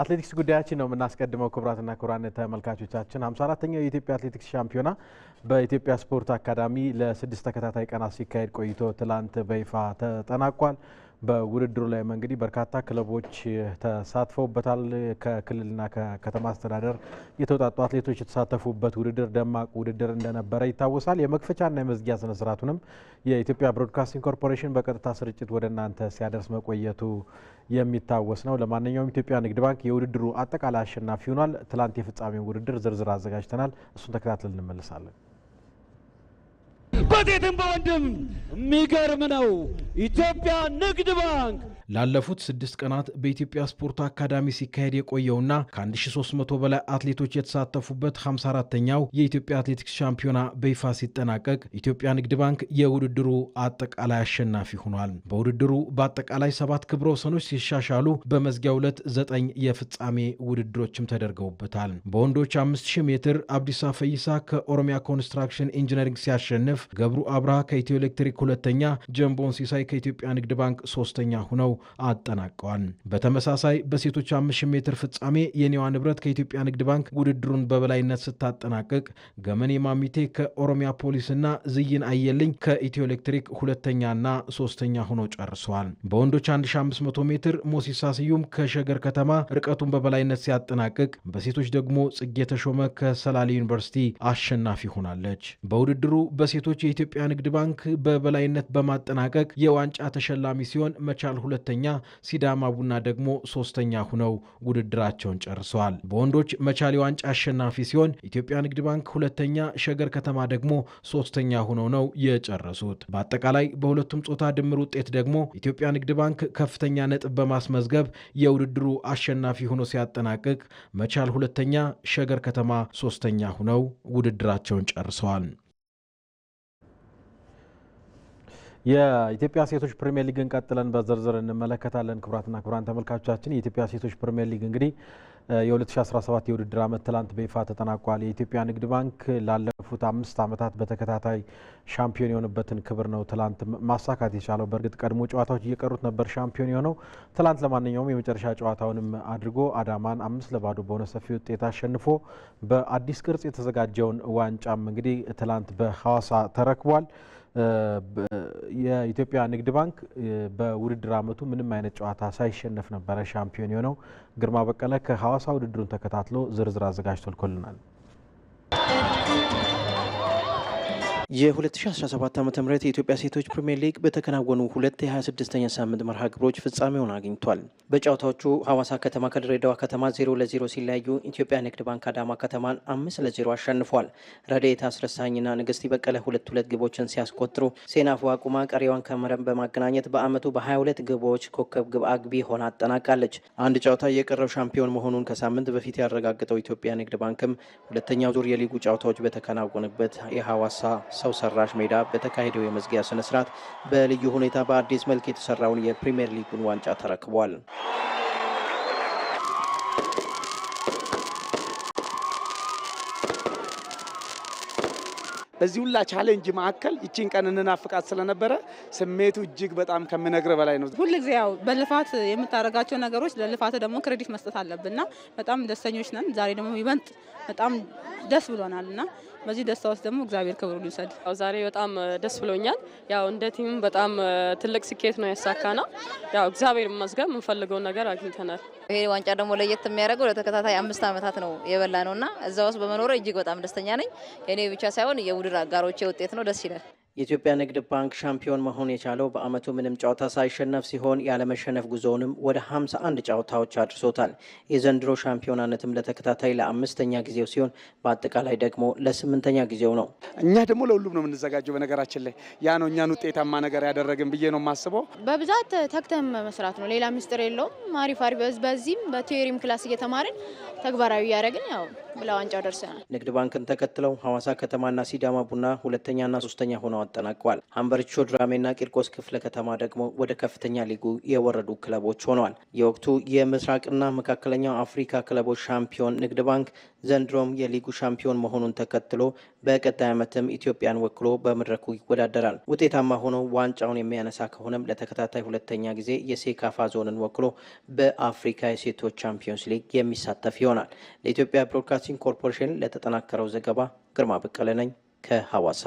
አትሌቲክስ ጉዳያችን ነው የምናስቀድመው። ክቡራትና ክቡራን ተመልካቾቻችን ሀምሳ አራተኛው የኢትዮጵያ አትሌቲክስ ሻምፒዮና በኢትዮጵያ ስፖርት አካዳሚ ለስድስት ተከታታይ ቀናት ሲካሄድ ቆይቶ ትላንት በይፋ ተጠናቋል። በውድድሩ ላይ እንግዲህ በርካታ ክለቦች ተሳትፈውበታል። ከክልልና ከከተማ አስተዳደር የተውጣጡ አትሌቶች የተሳተፉበት ውድድር ደማቅ ውድድር እንደነበረ ይታወሳል። የመክፈቻና የመዝጊያ ስነስርዓቱንም የኢትዮጵያ ብሮድካስቲንግ ኮርፖሬሽን በቀጥታ ስርጭት ወደ እናንተ ሲያደርስ መቆየቱ የሚታወስ ነው። ለማንኛውም ኢትዮጵያ ንግድ ባንክ የውድድሩ አጠቃላይ አሸናፊ ሆኗል። ትላንት የፍጻሜ ውድድር ዝርዝር አዘጋጅተናል። እሱን ተከታትለን እንመለሳለን። በሴትም በወንድም የሚገርም ነው። ኢትዮጵያ ንግድ ባንክ ላለፉት ስድስት ቀናት በኢትዮጵያ ስፖርት አካዳሚ ሲካሄድ የቆየውና ከ1300 በላይ አትሌቶች የተሳተፉበት 54ተኛው የኢትዮጵያ አትሌቲክስ ሻምፒዮና በይፋ ሲጠናቀቅ ኢትዮጵያ ንግድ ባንክ የውድድሩ አጠቃላይ አሸናፊ ሆኗል። በውድድሩ በአጠቃላይ ሰባት ክብረ ወሰኖች ሲሻሻሉ በመዝጊያው ዕለት ዘጠኝ የፍጻሜ ውድድሮችም ተደርገውበታል። በወንዶች 5000 ሜትር አብዲሳ ፈይሳ ከኦሮሚያ ኮንስትራክሽን ኢንጂነሪንግ ሲያሸንፍ፣ ገብሩ አብርሃ ከኢትዮ ኤሌክትሪክ ሁለተኛ፣ ጀምቦን ሲሳይ ከኢትዮጵያ ንግድ ባንክ ሶስተኛ ሁነው አጠናቀዋል። በተመሳሳይ በሴቶች 5000 ሜትር ፍጻሜ የኔዋ ንብረት ከኢትዮጵያ ንግድ ባንክ ውድድሩን በበላይነት ስታጠናቅቅ ገመኔ ማሚቴ ከኦሮሚያ ፖሊስና ዝይን አየልኝ ከኢትዮ ኤሌክትሪክ ሁለተኛና ሶስተኛ ሆኖ ጨርሰዋል። በወንዶች 1500 ሜትር ሞሲሳ ስዩም ከሸገር ከተማ ርቀቱን በበላይነት ሲያጠናቅቅ፣ በሴቶች ደግሞ ጽጌ ተሾመ ከሰላሌ ዩኒቨርሲቲ አሸናፊ ሆናለች። በውድድሩ በሴቶች የኢትዮጵያ ንግድ ባንክ በበላይነት በማጠናቀቅ የዋንጫ ተሸላሚ ሲሆን መቻል ሁለት ሁለተኛ፣ ሲዳማ ቡና ደግሞ ሶስተኛ ሁነው ውድድራቸውን ጨርሰዋል። በወንዶች መቻሌ ዋንጫ አሸናፊ ሲሆን ኢትዮጵያ ንግድ ባንክ ሁለተኛ፣ ሸገር ከተማ ደግሞ ሶስተኛ ሁነው ነው የጨረሱት። በአጠቃላይ በሁለቱም ጾታ ድምር ውጤት ደግሞ ኢትዮጵያ ንግድ ባንክ ከፍተኛ ነጥብ በማስመዝገብ የውድድሩ አሸናፊ ሆኖ ሲያጠናቅቅ መቻል ሁለተኛ፣ ሸገር ከተማ ሶስተኛ ሁነው ውድድራቸውን ጨርሰዋል። የኢትዮጵያ ሴቶች ፕሪሚየር ሊግን ቀጥለን በዝርዝር እንመለከታለን። ክቡራትና ክቡራን ተመልካቾቻችን የኢትዮጵያ ሴቶች ፕሪሚየር ሊግ እንግዲህ የ2017 የውድድር ዓመት ትላንት በይፋ ተጠናቋል። የኢትዮጵያ ንግድ ባንክ ላለፉት አምስት ዓመታት በተከታታይ ሻምፒዮን የሆነበትን ክብር ነው ትላንት ማሳካት የቻለው። በእርግጥ ቀድሞ ጨዋታዎች እየቀሩት ነበር ሻምፒዮን የሆነው። ትላንት ለማንኛውም የመጨረሻ ጨዋታውንም አድርጎ አዳማን አምስት ለባዶ በሆነ ሰፊ ውጤት አሸንፎ በአዲስ ቅርጽ የተዘጋጀውን ዋንጫም እንግዲህ ትላንት በሐዋሳ ተረክቧል። የኢትዮጵያ ንግድ ባንክ በውድድር ዓመቱ ምንም አይነት ጨዋታ ሳይሸነፍ ነበረ ሻምፒዮን የሆነው። ግርማ በቀለ ከሐዋሳ ውድድሩን ተከታትሎ ዝርዝር አዘጋጅቶ ልኮልናል። የ2017 ዓ ም የኢትዮጵያ ሴቶች ፕሪምየር ሊግ በተከናወኑ ሁለት የ26ኛ ሳምንት መርሃ ግብሮች ፍጻሜውን አግኝቷል። በጨዋታዎቹ ሐዋሳ ከተማ ከድሬዳዋ ከተማ 0 ለ0 ሲለያዩ ኢትዮጵያ ንግድ ባንክ አዳማ ከተማን አምስት ለ0 አሸንፏል። ረድኤት አስረሳኝና ንግስት በቀለ ሁለት ሁለት ግቦችን ሲያስቆጥሩ ሴናፉ አቁማ ቀሪዋን ከመረብ በማገናኘት በአመቱ በ22 ግቦች ኮከብ ግብ አግቢ ሆና አጠናቃለች። አንድ ጨዋታ የቀረው ሻምፒዮን መሆኑን ከሳምንት በፊት ያረጋግጠው ኢትዮጵያ ንግድ ባንክም ሁለተኛው ዙር የሊጉ ጨዋታዎች በተከናወንበት የሐዋሳ ሰው ሰራሽ ሜዳ በተካሄደው የመዝጊያ ስነ ስርዓት በልዩ ሁኔታ በአዲስ መልክ የተሰራውን የፕሪምየር ሊጉን ዋንጫ ተረክቧል። በዚህ ሁላ ቻሌንጅ መካከል ይችን ቀን እንናፍቃት ስለነበረ ስሜቱ እጅግ በጣም ከምነግር በላይ ነው። ሁል ጊዜ ያው በልፋት የምታደርጋቸው ነገሮች ለልፋት ደግሞ ክሬዲት መስጠት አለብና በጣም ደስተኞች ነን። ዛሬ ደግሞ ይበልጥ በጣም ደስ ብሎናል እና በዚህ ደስታ ውስጥ ደግሞ እግዚአብሔር ክብሩን ይውሰድ። ዛሬ በጣም ደስ ብሎኛል። ያው እንደ ቲም በጣም ትልቅ ስኬት ነው ነው። ያው እግዚአብሔር ይመስገን የምንፈልገውን ነገር አግኝተናል። ይሄ ዋንጫ ደግሞ ለየት የሚያደርገው ለተከታታይ አምስት ዓመታት ነው የበላ ነው እና እዛ ውስጥ በመኖረ እጅግ በጣም ደስተኛ ነኝ። የኔ ብቻ ሳይሆን የቡድር አጋሮቼ ውጤት ነው። ደስ ይላል። የኢትዮጵያ ንግድ ባንክ ሻምፒዮን መሆን የቻለው በዓመቱ ምንም ጨዋታ ሳይሸነፍ ሲሆን ያለመሸነፍ ጉዞውንም ወደ 51 ጨዋታዎች አድርሶታል። የዘንድሮ ሻምፒዮናነትም ለተከታታይ ለአምስተኛ ጊዜው ሲሆን በአጠቃላይ ደግሞ ለስምንተኛ ጊዜው ነው። እኛ ደግሞ ለሁሉም ነው የምንዘጋጀው። በነገራችን ላይ ያ ነው እኛን ውጤታማ ነገር ያደረግን ብዬ ነው የማስበው። በብዛት ተግተም መስራት ነው፣ ሌላ ምስጢር የለውም። አሪፍ አሪፍ በዚህም በቲዮሪም ክላስ እየተማርን ተግባራዊ እያደረግን ያው ለዋንጫው ደርሰናል። ንግድ ባንክን ተከትለው ሐዋሳ ከተማና ሲዳማ ቡና ሁለተኛና ሶስተኛ ሆነው አጠናቀዋል። ሀምበሪቾ ድራሜና ቂርቆስ ክፍለ ከተማ ደግሞ ወደ ከፍተኛ ሊጉ የወረዱ ክለቦች ሆነዋል። የወቅቱ የምስራቅና መካከለኛው አፍሪካ ክለቦች ሻምፒዮን ንግድ ባንክ ዘንድሮም የሊጉ ሻምፒዮን መሆኑን ተከትሎ በቀጣይ ዓመትም ኢትዮጵያን ወክሎ በመድረኩ ይወዳደራል። ውጤታማ ሆኖ ዋንጫውን የሚያነሳ ከሆነም ለተከታታይ ሁለተኛ ጊዜ የሴካፋ ዞንን ወክሎ በአፍሪካ የሴቶች ቻምፒዮንስ ሊግ የሚሳተፍ ይሆናል። ይሆናል። ለኢትዮጵያ ብሮድካስቲንግ ኮርፖሬሽን ለተጠናከረው ዘገባ ግርማ በቀለ ነኝ ከሐዋሳ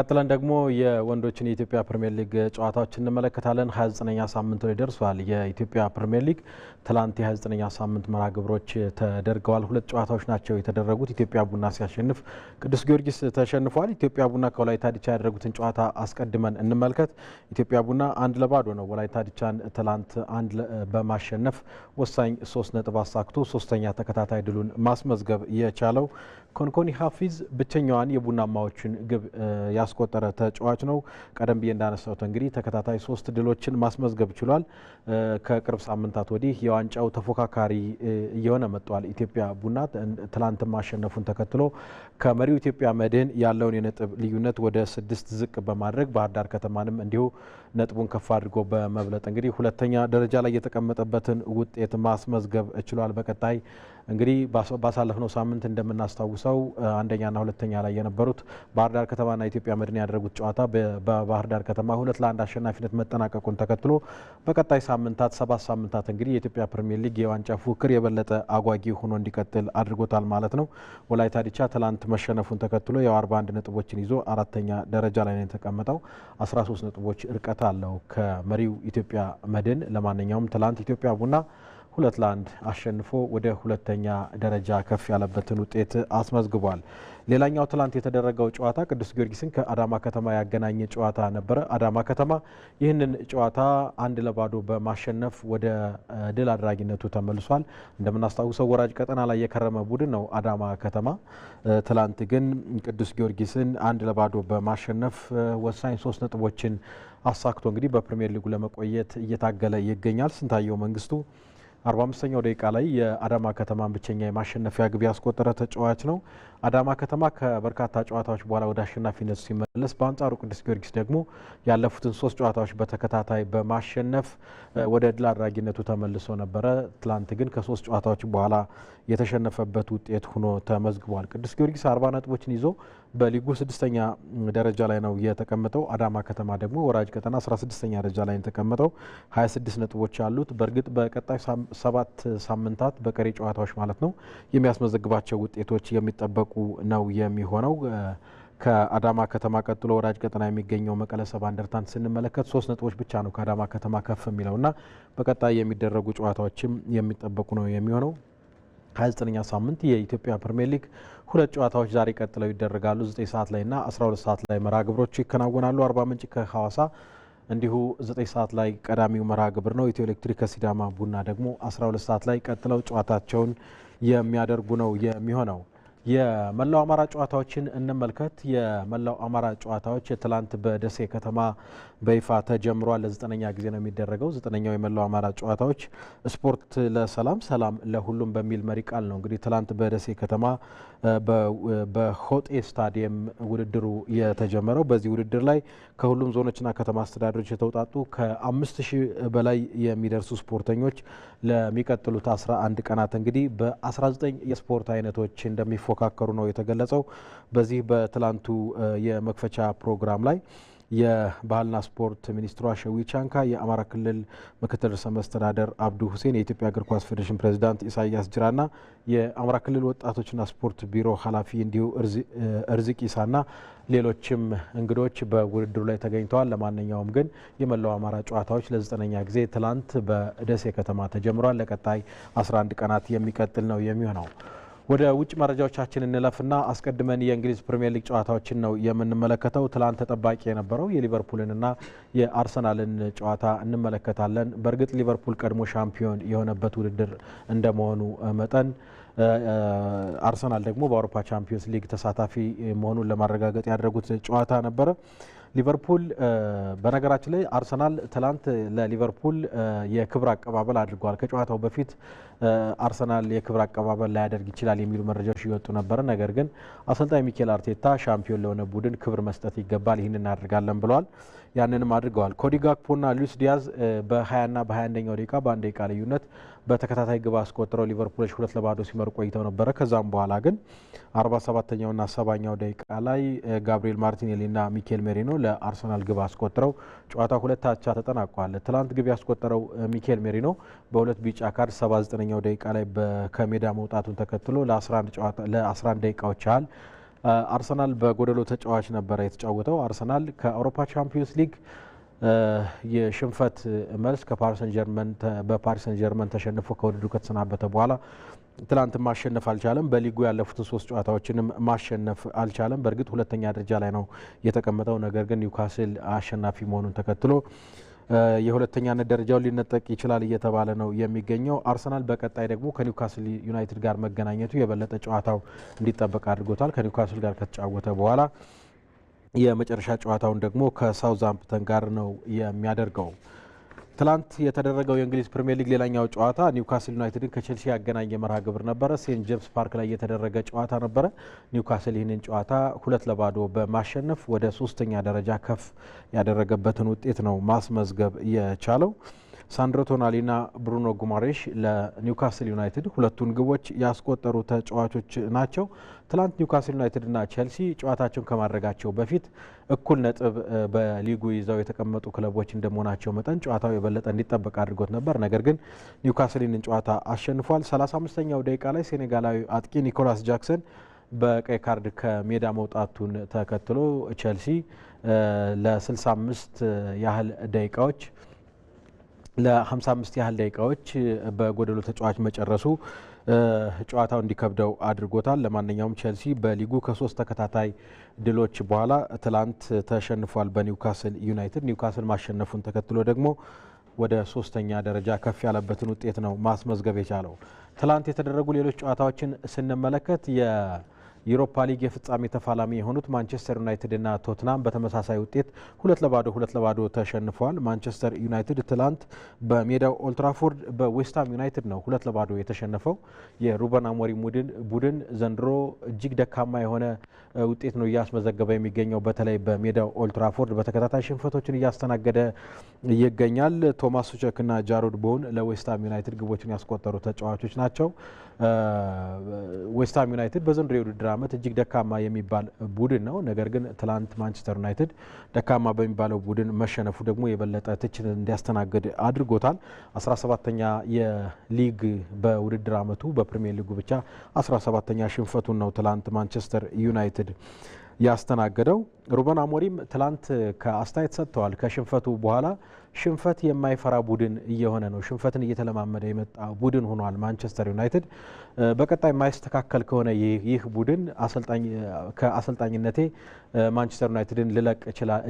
ቀጥለን ደግሞ የወንዶችን የኢትዮጵያ ፕሪምየር ሊግ ጨዋታዎች እንመለከታለን። 29ኛ ሳምንት ላይ ደርሷል። የኢትዮጵያ ፕሪምየር ሊግ ትላንት የ29ኛ ሳምንት መርሃ ግብሮች ተደርገዋል። ሁለት ጨዋታዎች ናቸው የተደረጉት። ኢትዮጵያ ቡና ሲያሸንፍ፣ ቅዱስ ጊዮርጊስ ተሸንፏል። ኢትዮጵያ ቡና ከወላይታ ዲቻ ያደረጉትን ጨዋታ አስቀድመን እንመልከት። ኢትዮጵያ ቡና አንድ ለባዶ ነው ወላይታ ዲቻን ትላንት አንድ በማሸነፍ ወሳኝ ሶስት ነጥብ አሳክቶ ሶስተኛ ተከታታይ ድሉን ማስመዝገብ የቻለው ኮንኮኒ ሀፊዝ ብቸኛዋን የቡናማዎችን ግብ ያስቆጠረ ተጫዋች ነው። ቀደም ብዬ እንዳነሳሁት እንግዲህ ተከታታይ ሶስት ድሎችን ማስመዝገብ ችሏል። ከቅርብ ሳምንታት ወዲህ የዋንጫው ተፎካካሪ እየሆነ መጥቷል። ኢትዮጵያ ቡና ትላንት ማሸነፉን ተከትሎ ከመሪው ኢትዮጵያ መድን ያለውን የነጥብ ልዩነት ወደ ስድስት ዝቅ በማድረግ ባህር ዳር ከተማንም እንዲሁ ነጥቡን ከፍ አድርጎ በመብለጥ እንግዲህ ሁለተኛ ደረጃ ላይ የተቀመጠበትን ውጤት ማስመዝገብ ችሏል። በቀጣይ እንግዲህ ባሳለፍነው ሳምንት እንደምናስታውሰው አንደኛና ሁለተኛ ላይ የነበሩት ባህር ዳር ከተማና ኢትዮጵያ መድን ያደረጉት ጨዋታ በባህር ዳር ከተማ ሁለት ለአንድ አሸናፊነት መጠናቀቁን ተከትሎ በቀጣይ ሳምንታት ሰባት ሳምንታት እንግዲህ የኢትዮጵያ ፕሪሚየር ሊግ የዋንጫ ፉክክር የበለጠ አጓጊ ሆኖ እንዲቀጥል አድርጎታል ማለት ነው። ወላይታ ዲቻ ትላንት መሸነፉን ተከትሎ ያው 41 ነጥቦችን ይዞ አራተኛ ደረጃ ላይ ነው የተቀመጠው። 13 ነጥቦች እርቀት አለው ከመሪው ኢትዮጵያ መድን። ለማንኛውም ትላንት ኢትዮጵያ ቡና ሁለት ለአንድ አሸንፎ ወደ ሁለተኛ ደረጃ ከፍ ያለበትን ውጤት አስመዝግቧል። ሌላኛው ትላንት የተደረገው ጨዋታ ቅዱስ ጊዮርጊስን ከአዳማ ከተማ ያገናኘ ጨዋታ ነበረ። አዳማ ከተማ ይህንን ጨዋታ አንድ ለባዶ በማሸነፍ ወደ ድል አድራጊነቱ ተመልሷል። እንደምናስታውሰው ወራጅ ቀጠና ላይ የከረመ ቡድን ነው አዳማ ከተማ። ትላንት ግን ቅዱስ ጊዮርጊስን አንድ ለባዶ በማሸነፍ ወሳኝ ሶስት ነጥቦችን አሳክቶ እንግዲህ በፕሪምየር ሊጉ ለመቆየት እየታገለ ይገኛል። ስንታየው መንግስቱ አርባ አምስተኛው ደቂቃ ላይ የአዳማ ከተማን ብቸኛ የማሸነፊያ ግብ ያስቆጠረ ተጫዋች ነው። አዳማ ከተማ ከበርካታ ጨዋታዎች በኋላ ወደ አሸናፊነቱ ሲመለስ፣ በአንጻሩ ቅዱስ ጊዮርጊስ ደግሞ ያለፉትን ሶስት ጨዋታዎች በተከታታይ በማሸነፍ ወደ ድል አድራጊነቱ ተመልሶ ነበረ። ትላንት ግን ከሶስት ጨዋታዎች በኋላ የተሸነፈበት ውጤት ሆኖ ተመዝግቧል። ቅዱስ ጊዮርጊስ አርባ ነጥቦችን ይዞ በሊጉ ስድስተኛ ደረጃ ላይ ነው የተቀመጠው። አዳማ ከተማ ደግሞ ወራጅ ቀጠና አስራ ስድስተኛ ደረጃ ላይ የተቀመጠው ሀያ ስድስት ነጥቦች አሉት። በእርግጥ በቀጣይ ሰባት ሳምንታት በቀሪ ጨዋታዎች ማለት ነው የሚያስመዘግባቸው ውጤቶች የሚጠበቁ የሚጠበቁ ነው የሚሆነው። ከአዳማ ከተማ ቀጥሎ ወራጅ ቀጠና የሚገኘው መቀለ ሰባ እንደርታን ስንመለከት ሶስት ነጥቦች ብቻ ነው ከአዳማ ከተማ ከፍ የሚለው ና በቀጣይ የሚደረጉ ጨዋታዎችም የሚጠበቁ ነው የሚሆነው። 29ኛ ሳምንት የኢትዮጵያ ፕሪምየር ሊግ ሁለት ጨዋታዎች ዛሬ ቀጥለው ይደረጋሉ። 9 ሰዓት ላይና 12 ሰዓት ላይ መርሃ ግብሮቹ ይከናወናሉ። አርባ ምንጭ ከሐዋሳ እንዲሁ 9 ሰዓት ላይ ቀዳሚው መርሃ ግብር ነው። ኢትዮ ኤሌክትሪክ ከሲዳማ ቡና ደግሞ 12 ሰዓት ላይ ቀጥለው ጨዋታቸውን የሚያደርጉ ነው የሚሆነው። የመላው አማራ ጨዋታዎችን እንመልከት። የመላው አማራ ጨዋታዎች ትላንት በደሴ ከተማ በይፋ ተጀምሯል። ለዘጠነኛ ጊዜ ነው የሚደረገው። ዘጠነኛው የመላው አማራ ጨዋታዎች ስፖርት ለሰላም ሰላም ለሁሉም በሚል መሪ ቃል ነው እንግዲህ ትላንት በደሴ ከተማ በሆጤ ስታዲየም ውድድሩ የተጀመረው። በዚህ ውድድር ላይ ከሁሉም ዞኖችና ከተማ አስተዳደሮች የተውጣጡ ከአምስት ሺህ በላይ የሚደርሱ ስፖርተኞች ለሚቀጥሉት አንድ ቀናት እንግዲህ በ19 የስፖርት አይነቶች እንደሚፎ እንደተፎካከሩ ነው የተገለጸው። በዚህ በትላንቱ የመክፈቻ ፕሮግራም ላይ የባህልና ስፖርት ሚኒስትሯ ሸዊ ቻንካ፣ የአማራ ክልል ምክትል ርዕሰ መስተዳደር አብዱ ሁሴን፣ የኢትዮጵያ እግር ኳስ ፌዴሬሽን ፕሬዚዳንት ኢሳያስ ጅራና የአማራ ክልል ወጣቶችና ስፖርት ቢሮ ኃላፊ እንዲሁ እርዚቅ ኢሳና ሌሎችም እንግዶች በውድድሩ ላይ ተገኝተዋል። ለማንኛውም ግን የመላው አማራ ጨዋታዎች ለዘጠነኛ ጊዜ ትላንት በደሴ ከተማ ተጀምሯል። ለቀጣይ 11 ቀናት የሚቀጥል ነው የሚሆነው። ወደ ውጭ መረጃዎቻችን እንለፍና አስቀድመን የእንግሊዝ ፕሪምየር ሊግ ጨዋታዎችን ነው የምንመለከተው። ትላንት ተጠባቂ የነበረው የሊቨርፑልንና የአርሰናልን ጨዋታ እንመለከታለን። በእርግጥ ሊቨርፑል ቀድሞ ሻምፒዮን የሆነበት ውድድር እንደመሆኑ መጠን አርሰናል ደግሞ በአውሮፓ ቻምፒዮንስ ሊግ ተሳታፊ መሆኑን ለማረጋገጥ ያደረጉት ጨዋታ ነበረ። ሊቨርፑል በነገራችን ላይ አርሰናል ትላንት ለሊቨርፑል የክብር አቀባበል አድርጓል። ከጨዋታው በፊት አርሰናል የክብር አቀባበል ላያደርግ ይችላል የሚሉ መረጃዎች እየወጡ ነበረ። ነገር ግን አሰልጣኝ ሚኬል አርቴታ ሻምፒዮን ለሆነ ቡድን ክብር መስጠት ይገባል፣ ይህን እናደርጋለን ብለዋል። ያንንም አድርገዋል። ኮዲ ጋክፖና ሉዊስ ዲያዝ በ20ና በ21ኛው ደቂቃ በአንድ ደቂቃ ልዩነት በተከታታይ ግብ አስቆጥረው ሊቨርፑሎች ሁለት ለባዶ ሲመሩ ቆይተው ነበረ። ከዛም በኋላ ግን አርባ ሰባተኛውና ሰባኛው ደቂቃ ላይ ጋብሪኤል ማርቲኔሊና ሚኬል ሜሪኖ ለአርሰናል ግብ አስቆጥረው ጨዋታ ሁለት አቻ ተጠናቋል። ትላንት ግብ ያስቆጠረው ሚኬል ሜሪኖ በሁለት ቢጫ ካርድ ሰባ ዘጠነኛው ደቂቃ ላይ ከሜዳ መውጣቱን ተከትሎ ለ11 ደቂቃዎች ያህል አርሰናል በጎደሎ ተጫዋች ነበረ የተጫወተው። አርሰናል ከአውሮፓ ቻምፒዮንስ ሊግ የሽንፈት መልስ በፓሪሰን ጀርመን ተሸንፎ ከውድድሩ ከተሰናበተ በኋላ ትላንት ማሸነፍ አልቻለም። በሊጉ ያለፉትን ሶስት ጨዋታዎችንም ማሸነፍ አልቻለም። በእርግጥ ሁለተኛ ደረጃ ላይ ነው የተቀመጠው። ነገር ግን ኒውካስል አሸናፊ መሆኑን ተከትሎ የሁለተኛነት ደረጃው ሊነጠቅ ይችላል እየተባለ ነው የሚገኘው። አርሰናል በቀጣይ ደግሞ ከኒውካስል ዩናይትድ ጋር መገናኘቱ የበለጠ ጨዋታው እንዲጠበቅ አድርጎታል። ከኒውካስል ጋር ከተጫወተ በኋላ የመጨረሻ ጨዋታውን ደግሞ ከሳውዛምፕተን ጋር ነው የሚያደርገው። ትላንት የተደረገው የእንግሊዝ ፕሪምየር ሊግ ሌላኛው ጨዋታ ኒውካስል ዩናይትድን ከቼልሲ ያገናኘ መርሃ ግብር ነበረ። ሴንት ጄምስ ፓርክ ላይ የተደረገ ጨዋታ ነበረ። ኒውካስል ይህንን ጨዋታ ሁለት ለባዶ በማሸነፍ ወደ ሶስተኛ ደረጃ ከፍ ያደረገበትን ውጤት ነው ማስመዝገብ የቻለው። ሳንድሮ ቶናሊና ብሩኖ ጉማሬሽ ለኒውካስል ዩናይትድ ሁለቱን ግቦች ያስቆጠሩ ተጫዋቾች ናቸው። ትላንት ኒውካስል ዩናይትድና ቼልሲ ጨዋታቸውን ከማድረጋቸው በፊት እኩል ነጥብ በሊጉ ይዘው የተቀመጡ ክለቦች እንደመሆናቸው መጠን ጨዋታው የበለጠ እንዲጠበቅ አድርጎት ነበር። ነገር ግን ኒውካስል ጨዋታ አሸንፏል። 35ኛው ደቂቃ ላይ ሴኔጋላዊ አጥቂ ኒኮላስ ጃክሰን በቀይ ካርድ ከሜዳ መውጣቱን ተከትሎ ቼልሲ ለ65 ያህል ደቂቃዎች ለ55 ያህል ደቂቃዎች በጎደሎ ተጫዋች መጨረሱ ጨዋታው እንዲከብደው አድርጎታል። ለማንኛውም ቸልሲ በሊጉ ከሶስት ተከታታይ ድሎች በኋላ ትላንት ተሸንፏል በኒውካስል ዩናይትድ። ኒውካስል ማሸነፉን ተከትሎ ደግሞ ወደ ሶስተኛ ደረጃ ከፍ ያለበትን ውጤት ነው ማስመዝገብ የቻለው። ትላንት የተደረጉ ሌሎች ጨዋታዎችን ስንመለከት የዩሮፓ ሊግ የፍጻሜ ተፋላሚ የሆኑት ማንቸስተር ዩናይትድና ቶትናም በተመሳሳይ ውጤት ሁለት ለባዶ ሁለት ለባዶ ተሸንፈዋል። ማንቸስተር ዩናይትድ ትላንት በሜዳው ኦልትራፎርድ በዌስትሃም ዩናይትድ ነው ሁለት ለባዶ የተሸነፈው። የሩበን አሞሪ ቡድን ዘንድሮ እጅግ ደካማ የሆነ ውጤት ነው እያስመዘገበ የሚገኘው። በተለይ በሜዳው ኦልትራፎርድ በተከታታይ ሽንፈቶችን እያስተናገደ ይገኛል። ቶማስ ሱቸክና ጃሮድ ቦውን ለዌስትሃም ዩናይትድ ግቦችን ያስቆጠሩ ተጫዋቾች ናቸው። ዌስትሃም ዩናይትድ በዘንድሮ የውድድር ዓመት እጅግ ደካማ የሚባል ቡድን ነው። ነገር ግን ትላንት ማንቸስተር ዩናይትድ ደካማ በሚባለው ቡድን መሸነፉ ደግሞ የበለጠ ትችት እንዲያስተናግድ አድርጎታል። 17ተኛ የሊግ በውድድር ዓመቱ በፕሪሚየር ሊጉ ብቻ 17ተኛ ሽንፈቱን ነው ትላንት ማንቸስተር ዩናይትድ ያስተናገደው። ሩበን አሞሪም ትላንት ከአስተያየት ሰጥተዋል። ከሽንፈቱ በኋላ ሽንፈት የማይፈራ ቡድን እየሆነ ነው፣ ሽንፈትን እየተለማመደ የመጣ ቡድን ሆኗል ማንቸስተር ዩናይትድ። በቀጣይ የማይስተካከል ከሆነ ይህ ቡድን ከአሰልጣኝነቴ ማንቸስተር ዩናይትድን ልለቅ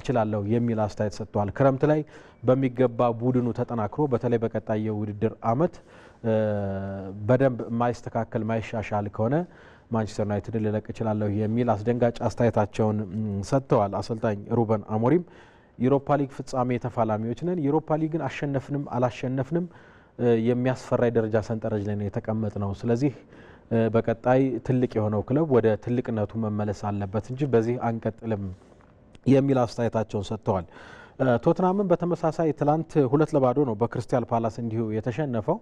እችላለሁ የሚል አስተያየት ሰጥተዋል። ክረምት ላይ በሚገባ ቡድኑ ተጠናክሮ በተለይ በቀጣይ የውድድር አመት በደንብ የማይስተካከል ማይሻሻል ከሆነ ማንቸስተር ዩናይትድን ልለቅ እችላለሁ የሚል አስደንጋጭ አስተያየታቸውን ሰጥተዋል። አሰልጣኝ ሩበን አሞሪም ዩሮፓ ሊግ ፍጻሜ ተፋላሚዎች ነን፣ ዩሮፓ ሊግን አሸነፍንም አላሸነፍንም የሚያስፈራ የደረጃ ሰንጠረዥ ላይ ነው የተቀመጥ ነው። ስለዚህ በቀጣይ ትልቅ የሆነው ክለብ ወደ ትልቅነቱ መመለስ አለበት እንጂ በዚህ አንቀጥልም የሚል አስተያየታቸውን ሰጥተዋል። ቶትናምን በተመሳሳይ ትላንት ሁለት ለባዶ ነው በክርስቲያል ፓላስ እንዲሁ የተሸነፈው።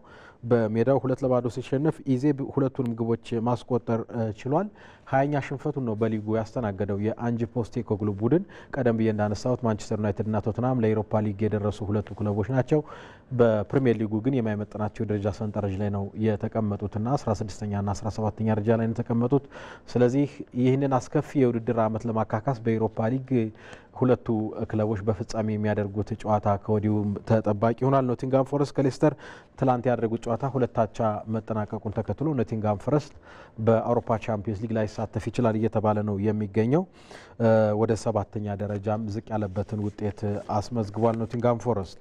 በሜዳው ሁለት ለባዶ ሲሸነፍ ኢዜ ሁለቱንም ግቦች ማስቆጠር ችሏል። ሀያኛ ሽንፈቱን ነው በሊጉ ያስተናገደው የአንጅ ፖስቴኮግሉ ቡድን። ቀደም ብዬ እንዳነሳሁት ማንቸስተር ዩናይትድና ቶትናም ለኤሮፓ ሊግ የደረሱ ሁለቱ ክለቦች ናቸው። በፕሪምየር ሊጉ ግን የማይመጥናቸው ደረጃ ሰንጠረዥ ላይ ነው የተቀመጡትና 16ኛና 17ኛ ደረጃ ላይ ነው የተቀመጡት። ስለዚህ ይህንን አስከፊ የውድድር ዓመት ለማካካስ በኤሮፓ ሊግ ሁለቱ ክለቦች በፍጻሜ የሚያደርጉት ጨዋታ ከወዲሁም ተጠባቂ ይሆናል። ኖቲንጋም ፎረስት ከሌስተር ትላንት ያደረጉት ጨዋታ ሁለታቻ መጠናቀቁን ተከትሎ ኖቲንጋም ፎረስት በአውሮፓ ቻምፒዮንስ ሊግ ላይ ሳተፍ ይችላል እየተባለ ነው የሚገኘው። ወደ ሰባተኛ ደረጃም ዝቅ ያለበትን ውጤት አስመዝግቧል ኖቲንጋም ፎረስት።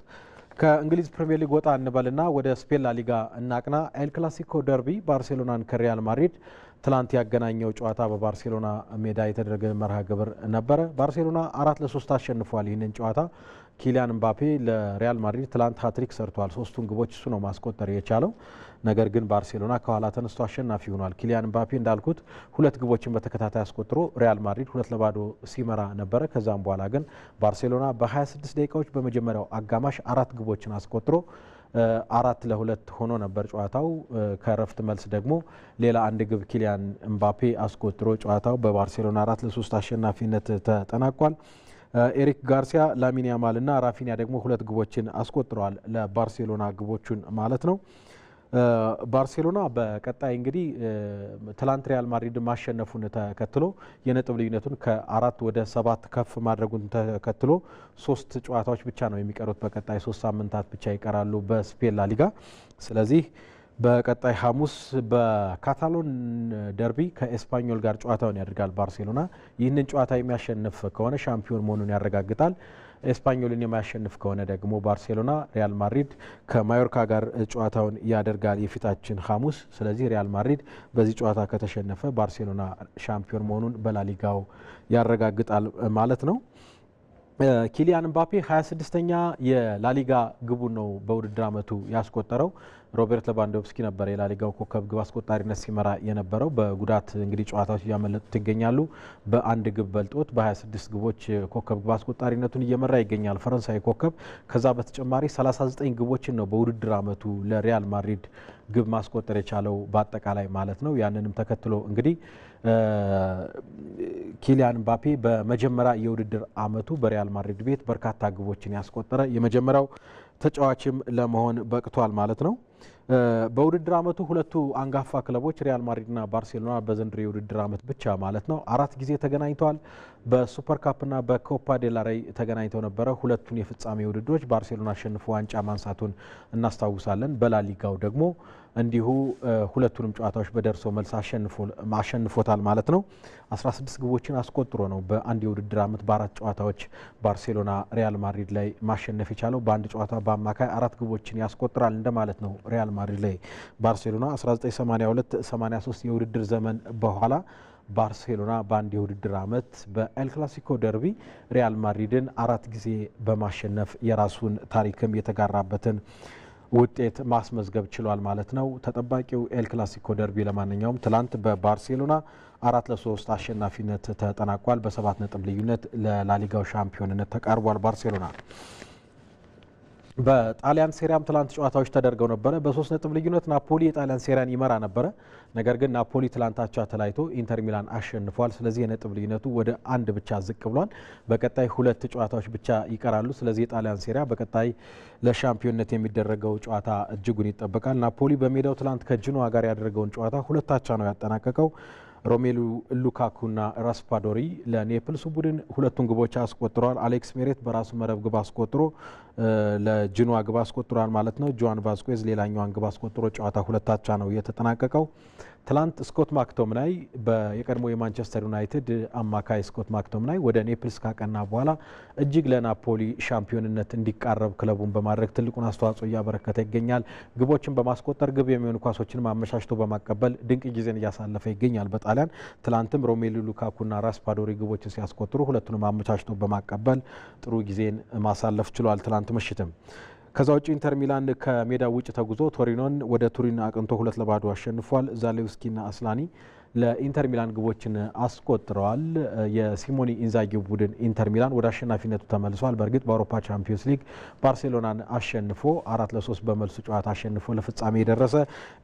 ከእንግሊዝ ፕሪምየር ሊግ ወጣ እንበልና ወደ ስፔን ላሊጋ እናቅና። ኤል ክላሲኮ ደርቢ ባርሴሎናን ከሪያል ማድሪድ ትላንት ያገናኘው ጨዋታ በባርሴሎና ሜዳ የተደረገ መርሃ ግብር ነበረ። ባርሴሎና አራት ለሶስት አሸንፏል። ይህንን ጨዋታ ኪሊያን ምባፔ ለሪያል ማድሪድ ትላንት ሀትሪክ ሰርቷል። ሶስቱን ግቦች እሱ ነው ማስቆጠር የቻለው። ነገር ግን ባርሴሎና ከኋላ ተነስቶ አሸናፊ ሆኗል። ኪሊያን ምባፔ እንዳልኩት ሁለት ግቦችን በተከታታይ አስቆጥሮ ሪያል ማድሪድ ሁለት ለባዶ ሲመራ ነበረ። ከዛም በኋላ ግን ባርሴሎና በ26 ደቂቃዎች በመጀመሪያው አጋማሽ አራት ግቦችን አስቆጥሮ አራት ለሁለት ሆኖ ነበር ጨዋታው። ከረፍት መልስ ደግሞ ሌላ አንድ ግብ ኪሊያን እምባፔ አስቆጥሮ ጨዋታው በባርሴሎና አራት ለሶስት አሸናፊነት ተጠናቋል። ኤሪክ ጋርሲያ፣ ላሚን ያማል እና ራፊኒያ ደግሞ ሁለት ግቦችን አስቆጥረዋል። ለባርሴሎና ግቦቹን ማለት ነው። ባርሴሎና በቀጣይ እንግዲህ ትላንት ሪያል ማድሪድ ማሸነፉን ተከትሎ የነጥብ ልዩነቱን ከአራት ወደ ሰባት ከፍ ማድረጉን ተከትሎ ሶስት ጨዋታዎች ብቻ ነው የሚቀሩት። በቀጣይ ሶስት ሳምንታት ብቻ ይቀራሉ በስፔን ላሊጋ። ስለዚህ በቀጣይ ሐሙስ በካታሎን ደርቢ ከኤስፓኞል ጋር ጨዋታውን ያደርጋል ባርሴሎና። ይህንን ጨዋታ የሚያሸንፍ ከሆነ ሻምፒዮን መሆኑን ያረጋግጣል። ኤስፓኞልን የማያሸንፍ ከሆነ ደግሞ ባርሴሎና ሪያል ማድሪድ ከማዮርካ ጋር ጨዋታውን ያደርጋል የፊታችን ሐሙስ። ስለዚህ ሪያል ማድሪድ በዚህ ጨዋታ ከተሸነፈ ባርሴሎና ሻምፒዮን መሆኑን በላሊጋው ያረጋግጣል ማለት ነው። ኪሊያን ምባፔ 26ኛ የላሊጋ ግቡ ነው በውድድር ዓመቱ ያስቆጠረው። ሮቤርት ለባንዶቭስኪ ነበር የላሊጋው ኮከብ ግብ አስቆጣሪነት ሲመራ የነበረው። በጉዳት እንግዲህ ጨዋታዎች እያመለጡት ይገኛሉ። በአንድ ግብ በልጦት በ26 ግቦች ኮከብ ግብ አስቆጣሪነቱን እየመራ ይገኛል ፈረንሳዊ ኮከብ። ከዛ በተጨማሪ 39 ግቦችን ነው በውድድር ዓመቱ ለሪያል ማድሪድ ግብ ማስቆጠር የቻለው በአጠቃላይ ማለት ነው። ያንንም ተከትሎ እንግዲህ ኪሊያን ምባፔ በመጀመሪያ የውድድር አመቱ በሪያል ማድሪድ ቤት በርካታ ግቦችን ያስቆጠረ የመጀመሪያው ተጫዋችም ለመሆን በቅቷል ማለት ነው። በውድድር ዓመቱ ሁለቱ አንጋፋ ክለቦች ሪያል ማድሪድና ባርሴሎና በዘንድሮ የውድድር ዓመት ብቻ ማለት ነው አራት ጊዜ ተገናኝተዋል። በሱፐር ካፕና በኮፓ ዴላራይ ተገናኝተው ነበረ። ሁለቱን የፍጻሜ ውድድሮች ባርሴሎና አሸንፎ ዋንጫ ማንሳቱን እናስታውሳለን። በላሊጋው ደግሞ እንዲሁ ሁለቱንም ጨዋታዎች በደርሶ መልስ አሸንፎታል ማለት ነው። 16 ግቦችን አስቆጥሮ ነው በአንድ የውድድር ዓመት በአራት ጨዋታዎች ባርሴሎና ሪያል ማድሪድ ላይ ማሸነፍ የቻለው። በአንድ ጨዋታ በአማካይ አራት ግቦችን ያስቆጥራል እንደማለት ነው። ሪያል ማድሪድ ላይ ባርሴሎና 1982 83 የውድድር ዘመን በኋላ ባርሴሎና በአንድ የውድድር ዓመት በኤል ክላሲኮ ደርቢ ሪያል ማድሪድን አራት ጊዜ በማሸነፍ የራሱን ታሪክም የተጋራበትን ውጤት ማስመዝገብ ችሏል ማለት ነው። ተጠባቂው ኤል ክላሲኮ ደርቢ ለማንኛውም ትላንት በባርሴሎና አራት ለሶስት አሸናፊነት ተጠናቋል። በሰባት ነጥብ ልዩነት ለላሊጋው ሻምፒዮንነት ተቃርቧል ባርሴሎና። በጣሊያን ሴሪያም ትላንት ጨዋታዎች ተደርገው ነበረ። በሶስት ነጥብ ልዩነት ናፖሊ የጣሊያን ሴሪያን ይመራ ነበረ። ነገር ግን ናፖሊ ትላንት አቻ ተለያይቶ ኢንተር ሚላን አሸንፏል። ስለዚህ የነጥብ ልዩነቱ ወደ አንድ ብቻ ዝቅ ብሏል። በቀጣይ ሁለት ጨዋታዎች ብቻ ይቀራሉ። ስለዚህ የጣሊያን ሴሪያ በቀጣይ ለሻምፒዮንነት የሚደረገው ጨዋታ እጅጉን ይጠበቃል። ናፖሊ በሜዳው ትላንት ከጅኖዋ ጋር ያደረገውን ጨዋታ ሁለት አቻ ነው ያጠናቀቀው። ሮሜሉ ሉካኩና ራስፓዶሪ ለኔፕልሱ ቡድን ሁለቱን ግቦች አስቆጥረዋል። አሌክስ ሜሬት በራሱ መረብ ግብ አስቆጥሮ ለጅኑዋ ግብ አስቆጥሯል ማለት ነው። ጆዋን ቫስኮዝ ሌላኛዋን ግብ አስቆጥሮ ጨዋታ ሁለታቻ ነው የተጠናቀቀው። ትላንት ስኮት ማክቶምናይ የቀድሞ የማንቸስተር ዩናይትድ አማካይ ስኮት ማክቶምናይ ወደ ኔፕልስ ካቀና በኋላ እጅግ ለናፖሊ ሻምፒዮንነት እንዲቃረብ ክለቡን በማድረግ ትልቁን አስተዋጽኦ እያበረከተ ይገኛል። ግቦችን በማስቆጠር ግብ የሚሆኑ ኳሶችን ማመሻሽቶ በማቀበል ድንቅ ጊዜን እያሳለፈ ይገኛል። በጣሊያን ትላንትም ሮሜሉ ሉካኩና ራስፓዶሪ ግቦችን ሲያስቆጥሩ ሁለቱንም አመቻችቶ በማቀበል ጥሩ ጊዜን ማሳለፍ ችሏል። ትላንት ምሽትም ከዛ ውጭ ኢንተር ሚላን ከሜዳ ውጭ ተጉዞ ቶሪኖን ወደ ቱሪን አቅንቶ ሁለት ለባዶ አሸንፏል። ዛሌውስኪና አስላኒ ለኢንተር ሚላን ግቦችን አስቆጥረዋል። የሲሞኒ ኢንዛጊ ቡድን ኢንተር ሚላን ወደ አሸናፊነቱ ተመልሷል። በእርግጥ በአውሮፓ ቻምፒዮንስ ሊግ ባርሴሎናን አሸንፎ አራት ለሶስት በመልሱ ጨዋታ አሸንፎ ለፍጻሜ የደረሰ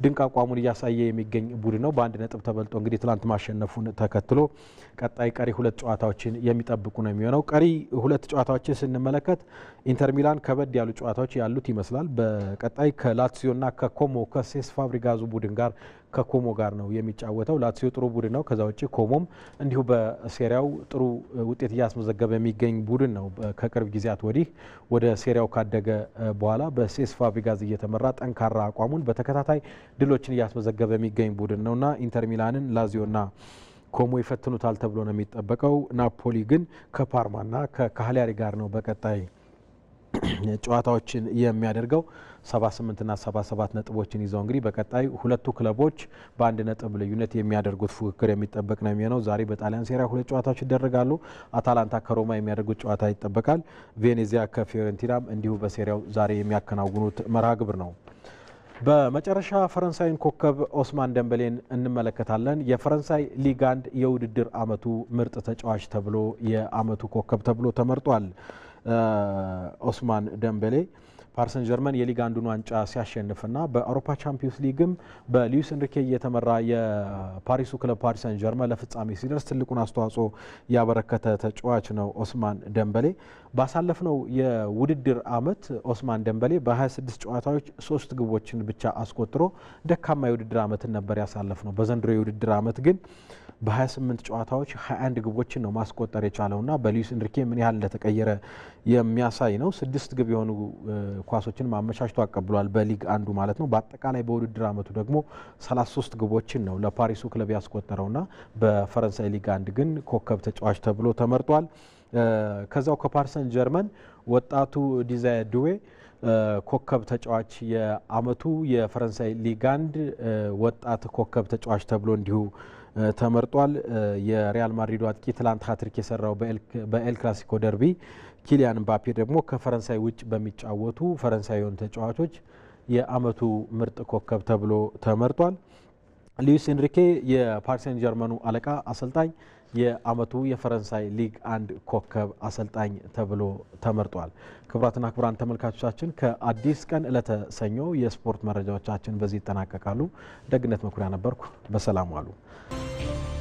ድንቅ አቋሙን እያሳየ የሚገኝ ቡድን ነው። በአንድ ነጥብ ተበልጦ እንግዲህ ትላንት ማሸነፉን ተከትሎ ቀጣይ ቀሪ ሁለት ጨዋታዎችን የሚጠብቁ ነው የሚሆነው። ቀሪ ሁለት ጨዋታዎችን ስንመለከት ኢንተር ሚላን ከበድ ያሉ ጨዋታዎች ያሉት ይመስላል። በቀጣይ ከላትሲዮና ከኮሞ ከሴስ ፋብሪጋዙ ቡድን ጋር ከኮሞ ጋር ነው የሚጫወተው። ላትሲዮ ጥሩ ቡድን ነው። ከዛ ውጭ ኮሞም እንዲሁ በሴሪያው ጥሩ ውጤት እያስመዘገበ የሚገኝ ቡድን ነው። ከቅርብ ጊዜያት ወዲህ ወደ ሴሪያው ካደገ በኋላ በሴስ ፋብሪጋዝ እየተመራ ጠንካራ አቋሙን በተከታታይ ድሎችን እያስመዘገበ የሚገኝ ቡድን ነውና ኢንተር ሚላንን ላዚዮና ኮሞ ይፈትኑታል ተብሎ ነው የሚጠበቀው። ናፖሊ ግን ከፓርማና ከካህሊያሪ ጋር ነው በቀጣይ ጨዋታዎችን የሚያደርገው 78ና 77 ነጥቦችን ይዘው እንግዲህ በቀጣይ ሁለቱ ክለቦች በአንድ ነጥብ ልዩነት የሚያደርጉት ፉክክር የሚጠበቅ ነው የሚሆነው። ዛሬ በጣሊያን ሴሪያ ሁለት ጨዋታዎች ይደረጋሉ። አታላንታ ከሮማ የሚያደርጉት ጨዋታ ይጠበቃል። ቬኔዚያ ከፊዮረንቲናም እንዲሁ በሴሪያው ዛሬ የሚያከናውኑት መርሃ ግብር ነው። በመጨረሻ ፈረንሳይን ኮከብ ኦስማን ደንበሌን እንመለከታለን። የፈረንሳይ ሊግ አንድ የውድድር አመቱ ምርጥ ተጫዋች ተብሎ የአመቱ ኮከብ ተብሎ ተመርጧል። ኦስማን ደምበሌ ፓርሰን ጀርመን የሊግ አንዱን ዋንጫ ሲያሸንፍና በአውሮፓ ቻምፒዮንስ ሊግም በሊዩስ እንሪኬ እየተመራ የፓሪሱ ክለብ ፓሪሰን ጀርመን ለፍጻሜ ሲደርስ ትልቁን አስተዋጽኦ ያበረከተ ተጫዋች ነው ኦስማን ደንበሌ። ባሳለፍነው የውድድር ዓመት ኦስማን ደንበሌ በ26 ጨዋታዎች ሶስት ግቦችን ብቻ አስቆጥሮ ደካማ የውድድር አመትን ነበር ያሳለፍ ነው። በዘንድሮ የውድድር ዓመት ግን በ28 ጨዋታዎች 21 ግቦችን ነው ማስቆጠር ና በሉዊስ ኤንሪኬ ምን ያህል እንደተቀየረ የሚያሳይ ነው። ስድስት ግብ የሆኑ ኳሶችን ማመቻችቶ አቀብሏል፣ በሊግ አንዱ ማለት ነው። በአጠቃላይ በውድድር ዓመቱ ደግሞ 33 ግቦችን ነው ለፓሪሱ ክለብ ያስቆጠረው ና በፈረንሳይ ሊግ አንድ ግን ኮከብ ተጫዋች ተብሎ ተመርጧል። ከዛው ከፓርሰን ጀርመን ወጣቱ ዲዛይ ዱዌ ኮከብ ተጫዋች የአመቱ የፈረንሳይ ሊግ አንድ ወጣት ኮከብ ተጫዋች ተብሎ እንዲሁ ተመርጧል። የሪያል ማድሪዱ አጥቂ ትላንት ሀትሪክ የሰራው በኤል ክላሲኮ ደርቢ፣ ኪሊያን ምባፔ ደግሞ ከፈረንሳይ ውጭ በሚጫወቱ ፈረንሳይ የሆኑ ተጫዋቾች የአመቱ ምርጥ ኮከብ ተብሎ ተመርጧል። ሉዊስ ኢንሪኬ የፓሪስ ጀርመኑ አለቃ አሰልጣኝ የአመቱ የፈረንሳይ ሊግ አንድ ኮከብ አሰልጣኝ ተብሎ ተመርጧል። ክቡራትና ክቡራን ተመልካቾቻችን ከአዲስ ቀን እለተ ሰኞ የስፖርት መረጃዎቻችን በዚህ ይጠናቀቃሉ። ደግነት መኩሪያ ነበርኩ። በሰላም ዋሉ።